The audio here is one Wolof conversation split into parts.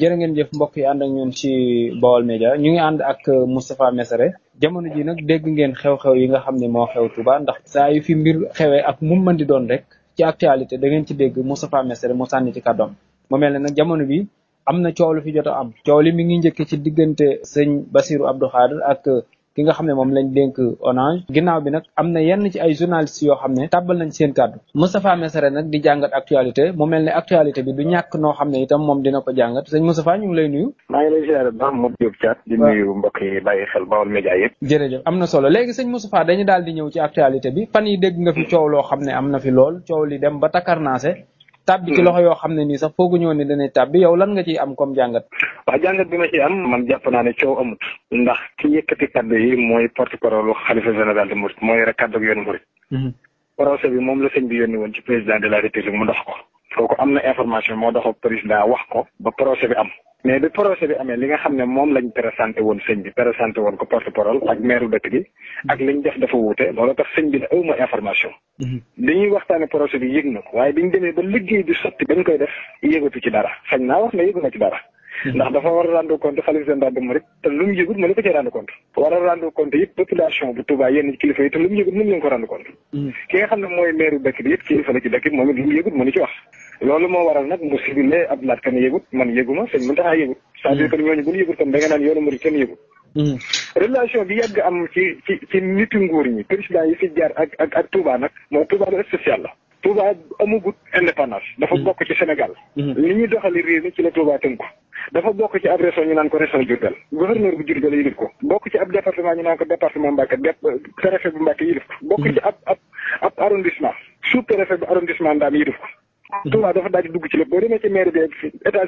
jërë ngeen jëf mbokk yi ànd ak ñun ci Baol Média ñu ngi ànd ak euh, Moustapha Messere jamono ji nag dégg ngeen xew-xew yi nga xam ne moo xew Touba ndax saa yu fi mbir xewee ak mu mën di doon rek ci actualité da ngeen ci dégg Moustapha Messere mu sànni ci kàddoom mu mel na nag jamono bi am na coow lu fi jot a am coow li mi ngi njëkk ci diggante sëñ Basirou Abdou Khadir ak ki nga xam ne moom lañ dénk Orange ginnaaw bi nag am na yenn ci ay journalistes yoo xam ne tàbbal nañ seen kàddu Moustapha Messere nag di jàngat actualité mu mel ne actualité bi du ñàkk noo xam ne itam moom dina ko jàngat sëñ Moustapha ñu ngi lay nuyu maa ngi lay ziare baax moom Diop Thiat di yi bàyyi xel Baol Média yëpp jërëjëf am na solo léegi sëñ Moustapha dañu daal di ñëw ci actualité bi fan yi dégg nga fi coow loo xam ne am na fi lool coow li dem ba takarnaase tàbbi ci hmm. loxo yoo xam ne nii sax foogu ñëw ne dana tàbbi yow lan nga ciy am comme jàngat waaw jàngat bi ma ci am man jàpp naa ne coow amut ndax ki yëkkati kaddu yi mooy porte parole xalifa général de Mouride mooy rek kaddu ak yoonu Mouride hmm. procès bi moom la sëñ bi yónni woon ci président de la république mu dox ko kooku am na information moo tax président wax ko ba procès bi am. mais bi procès bi amee li nga xam ne moom lañ présenté woon sëñ bi présenté woon ko porte parole ak maire dëkk bi ak liñ def dafa wuute loolu tax sëñ bi ne awma information. dañuy mhm. waxtaane procès bi yëg na ko waaye dañ demee ba liggéey bi sotti bañ koy def yëgatu ci dara xañ naa wax ne yëgu na ci dara. ndax dafa war a rendre compte xalif général des mourides te lu mu yëgut ko ci rendre compte war a rendre compte yëpp population bu Touba yenn kilifa yi te lu mu yëgut ko rendre compte mm. ki nga xam ne mooy maire dëkk bi yëpp kilifa la ci it lu mm. bu ñu yëgut mm. ci la Touba amagut indépendance dafa bokk ci ab région ñu naan ko région Diourbel gouverneur bu Diourbel yilif ko bokk ci ab département ñu naan ko département Mbacké préfet bu Mbacké yilif ko bokk ci ab ab ab arrondissement sous préfet bu arrondissement Ndame yilif ko Touba dafa daal dugg ci lépp boo demee ci maire bi ak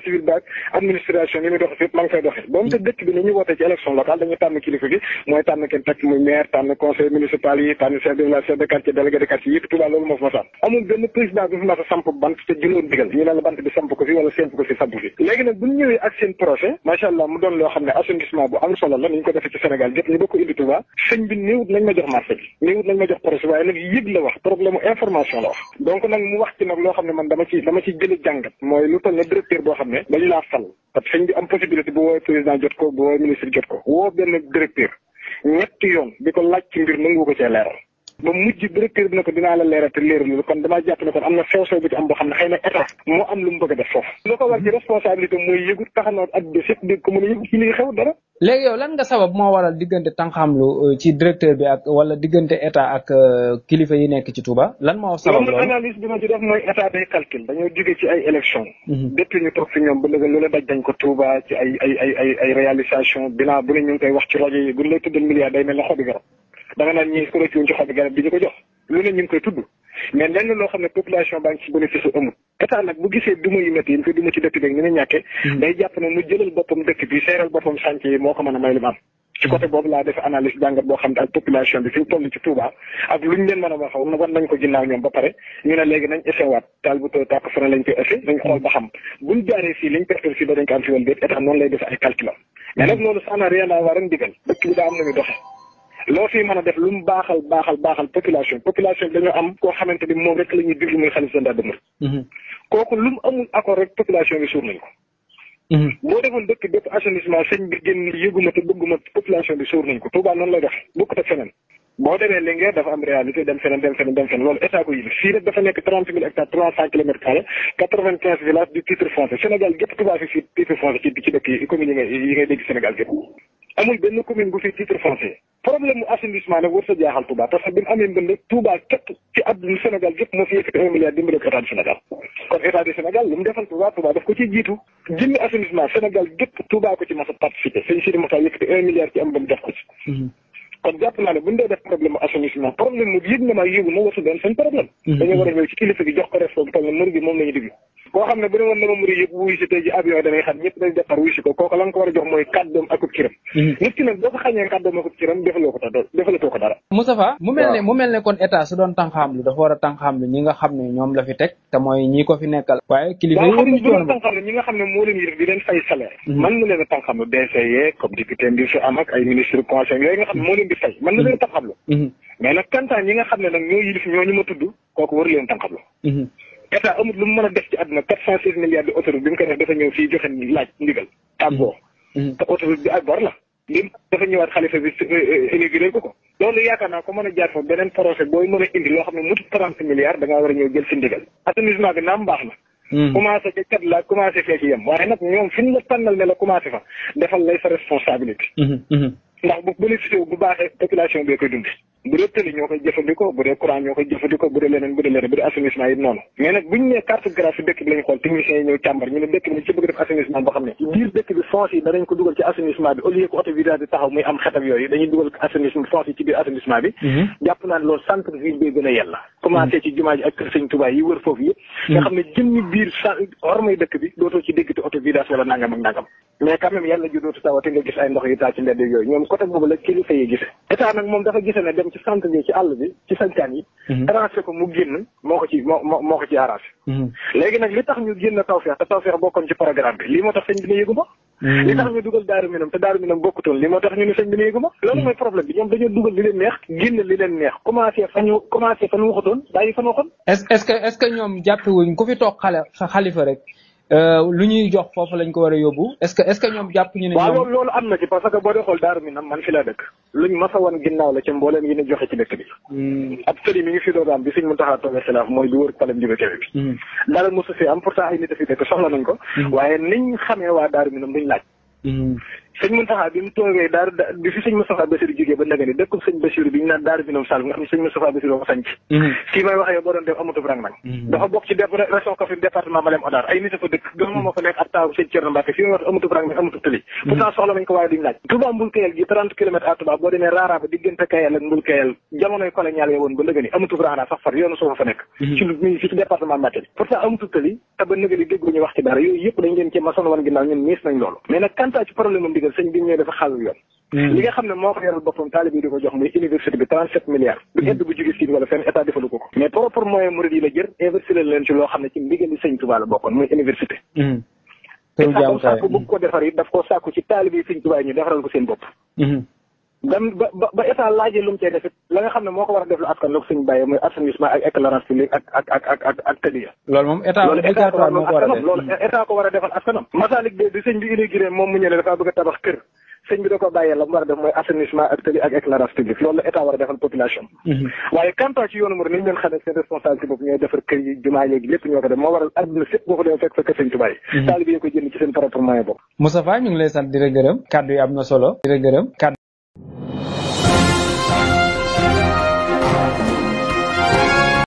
civil ba administration yi muy doxe fépp ma fay doxe ba mu te dëkk bi ni ñu wootee ci élection locale dañuy tànn kilifa gi mooy tànn kenn takk muy maire tànn conseil municipal yi tànn chef de village de quartier délégué de quartier yëpp Touba loolu moo fi ma sànn amul benn président bi samp bant te jëloon digal ñu ne la bant bi samp ko fi wala sémp ko fi samp fi léegi nag bu ñëwee ak seen dama ci dama ci jëli jàngat mooy lu toll na directeur boo xam ne dañu laa fal parce que sëñ bi am possibilité bu woowee président jot ko bu woowee ministre jot ko woo benn directeur ñetti yoon bi ko laaj ci mbir nangu ko cee leeral ba mujj bi directeur bi ne ko dinaa la leeral te leeralu kon damaa jàpp ne kon am na sew-sew bu ci am boo xam ne xëy na état moo am lu mu bëgg a def foofu loo ko war ci responsabilité mooy yëgut taxanoo ak bi a yëg ci li xew dara lan nga sabab moo waral diggante tànqamlu euh, ci directeur bi ak wala diggante état ak euh, kilifa yi nekk ci Touba lan moo sabab loolu analyse bi ma ci def mooy état day calcul dañoo jóge ci ay élection mhm. depuis ñu toog fi ñoom ba léegi la daj dañ ko Touba ci ay ay ay ay ay réalisation bilan bu ne ñu ngi koy wax ci rajo yi bu ñu day mel ne xobi garab danga naan ñii ko rëccuwuñ bi ñu ko jox ne ñu koy tudd mais lenn loo xam ne population baa ngi ci bénéfice hmm. yi moo ko mën a may fii liñ perte fii noonu lay def ay calculam mais nag loolu ça n'a rien à voir ak ndigal dëkk bi daa am nañu doxe loo fi mën a def lu mu baaxal baaxal baaxal population population bi dañoo am koo xamante ni moom rek la ñuy déglu muy xalif général des mourides mhm. kooku lu mu amul accord rek population bi suur nañ ko mhm. boo defoon dëkk bépp assainissement sëñ bi génn yëguma te bëgguma population bi suur nañ ko Touba noonu la def bokkut ak feneen boo demee Linguère dafa am réalité dem feneen dem feneen dem feneen loolu état ko yilif fii rek dafa nekk trente mille hectares trois cent kilomètres carrés quatre vingt quinze villages du titre foncier Sénégal gépp Touba fi fii titre foncier ci ci dëkk yi ngay yi ngay dégg Sénégal gépp amul benn commune bu fi titre foncier problème mu assainissement war sa jaaxal Touba parce que bi mu amee mbënd Touba képp ci àdduna Sénégal gépp moo fi yëkkati a participé kon jàpp naa ne bu ñu dee def problème assainissement problème mu yëg na maa yëgu moo wasu doon seen problème mm-hmm. dañoo war a ñëw ci kilifa gi jox ko responsable murid gi moom la ñu diglu koo xam ne bu ne woon dama murid yëpp wuyu si tey ji avion danay xam ñëpp dañ defar wuyu si ko kooku la nga ko war a jox mooy kàddoom akub ciram mhm. nit ki nag boo ko xañee kàddoom akub ciram defaloo ko ta dool defalatoo ko dara Moustapha mu mel ne mu mel ne kon état su doon tànxaam lu dafa war a tànxaam lu ñi nga xam ne ñoom la fi teg te mooy ñi ko fi nekkal waaye kilifa yi waruñu ci woon tànxaam lu ñi nga xam ne moo leen yëf di leen fay salaire man mhm. na leen a tànxaam lu DCE comme député bi fi am ak ay ministre conseil yooyu nga xam ne moo leen di fay man na leen tànxaam lu mhm. mais nag kantaan ñi nga xam ne nag ñoo yilif ñoo ñu ma tudd kooku waru leen tànxaam lu état amul lu mu mën a def ci àdduna quatre cent seize milliards de autoroute bi mu koy def dafa ñëw fii joxe laaj ndigal tàggoo mm-hmm. Mm-hmm. te autoroute bi ak bor la li dafa ñëwaat xalifa bi euh, euh, inauguré ko ko loolu yaakaar naa ko mën a jaar foofu beneen projet booy mën a indi loo xam ne mutu trente milliards da ngaa war a ñëw jël si ndigal assainissement bi naam baax na mm-hmm. commencé ca laa commencé fee ci yem waaye nag ñoom fi ñu la tànnal ne la commencé fa defal lay sa bu bénéficié bu baaxee population bee bu dee tëli ñoo koy jëfandikoo bu dee courant ñoo koy jëfandikoo bu dee leneen bu dee leneen bu dee assainissement yi noonu mais nag buñu nee cartographie dëkk bi lañu xool techniciens yi ko dugal ci assainissement bi au lieu di taxaw muy am xetab yooyu dañuy dugal assainissement fonce ci biir assainissement bi mhm. jàpp naa ne loolu centre ville bi gën a yella commencé mhm. ci jumaa ji ak kër sëñ Tuubaa yi wër foofu yëpp mhm. nga xam ne jëmmi biir ormay dëkk bi ci sant bi ci àll bi ci santaan yi. Mhm. arrangé ko mu génn moo ko ci moo moo ko ci arrangé. Mhm. léegi nag li tax ñu génn tawfeex te tawfeex bokkoon ci programme bi lii moo tax sëñ bi ne yëgu ma. Mhm. li tax ñu dugal daaru minam te daaru minam bokkutoon lii moo tax ñu ne sëñ bi ne yëgu ma. loolu mooy problème bi ñoom dañoo dugal li leen neex génn li leen neex commencé fa ñu commencé fa ñu waxutoon bàyyi fa ñu waxoon. est ce que est ñoom jàppewuñ ku fi toog xale rek. Euh, lu ñuy jox foofu lañ ko war a yóbbu est-ce que est-ce ñoom jàpp ñu ne. waaw loolu am na ci parce que boo dee xool daaru mi nam man fi laa dëkk. luñ mas a wan ginnaaw la ci mbooleem yi ñu joxe ci dëkk bi. Hmm. ab sëriñ mi ngi fi doon am bi suñ mun taxaa toogee xilaaf mooy bi wër palem jibe kebe bi. Hmm. dara mosu fi am pourtant ay nit a fi dëkk soxla nañ ko. Hmm. waaye niñ xamee waa daaru mi nam duñ laaj. sëñ Moustapha ni mm-hmm. mm-hmm. mm-hmm. ko waaye duñu laaj Touba Mbul gi 30 kilomètres à Touba boo demee Rara diggante Kayel ak Mbul Kayel jamonoy colonial ba nag ni amatu rang sax far yoonu suufa fa nekk ci lu muy ci département Mbacké pourtant amatu tëli te ba nag ni dégguñu wax ci dara yooyu yëpp dañ leen ci masoon woon ginnaaw ñun miis nañ loolu ndigal sëñ bi ñu dafa xaalul yoon hmm. li xam ne moo ko yaral boppam taalib yi di ko jox muy université bi trente milliards hmm. du aide bu jóge siin wala seen état defalu ko ko mais propre moyen murid yi la jër investir leen loo xam ne ci ndigal li sëñ Tuubaa bokkoon muy université te sàkku bëgg ko defar it daf koo sàkku ci taalib yi sëñ Tuubaa ñu defaral ko seen bopp hmm. ba ba laajee lu mu cee la nga xam ne moo ko war a def lu askan la ko suñ bàyyee muy assainissement ak éclairage public ak ak ak ak ak loolu moom état loolu moom mu ñële dafa bëgg a tabax kër da ko mhm. defar kër yi jumaa yeegi lépp ñoo ko def moo mhm. ñu ngi lay sant di la gërëm yi am na solo di la gërëm